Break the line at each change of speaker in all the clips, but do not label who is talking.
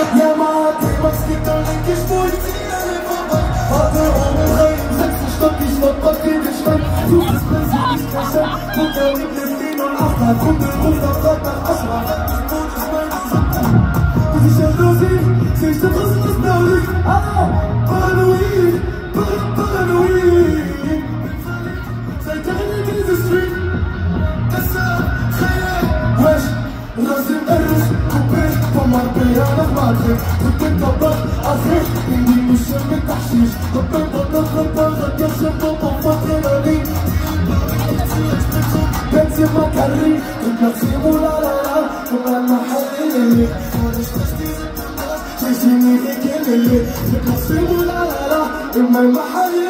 Hat der Mann, T-Max gibt der linke Spur, ich zieh alle vorbei. Warte, ohne drei im sechsten Stock, ich verpack den Geschmack. Du bist besser, ich kann sein. Und der Ring ist 10 und 8, mein Kumpel ruft auf Gott nach Asma. Das Boot ist mein Sack. Bis ich ja so seh, seh ich da draußen das Blaulicht. Ah, Paranoid. تخيف بدك طبق أصيح إني مش بتحشيش طبق طبق طبق يا شباب وفاكر علي بنسي ما كري كنت نسيم ولا لا لا كنت أنا حالي للي شيشيني هيك للي كنت نسيم ولا لا لا إما المحل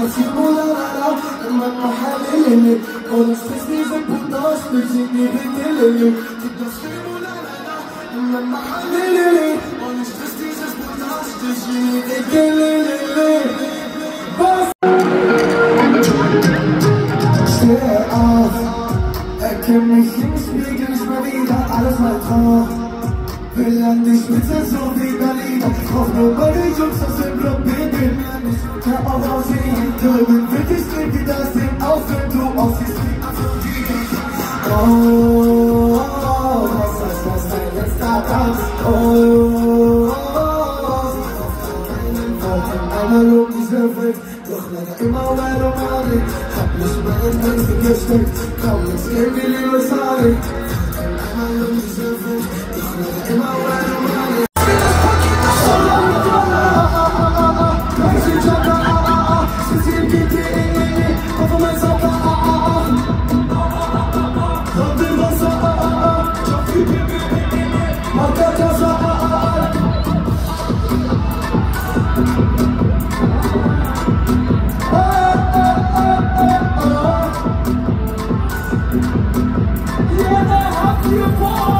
Musik moderat immer parallel mit Und es ist diese Pintos, wir sind die Vigilien Gibt das Film Stehe auf, erkenne mich im Spiegel, ich mal wieder alles mal drauf Bellendik bütün sohbetlerim Kofraları yoksa sebep benim Kapa vaziyim tövbün Fetişle gidersin Alsın tu asistin Oh, let's, let's, let's, let's start dance. Oh, i oh, oh, oh, oh, oh, immer weiter Mare. Hab nicht mehr in den Vergesslich. Komm, jetzt gehen wir lieber Sari my look is different. you i never in my way. 我。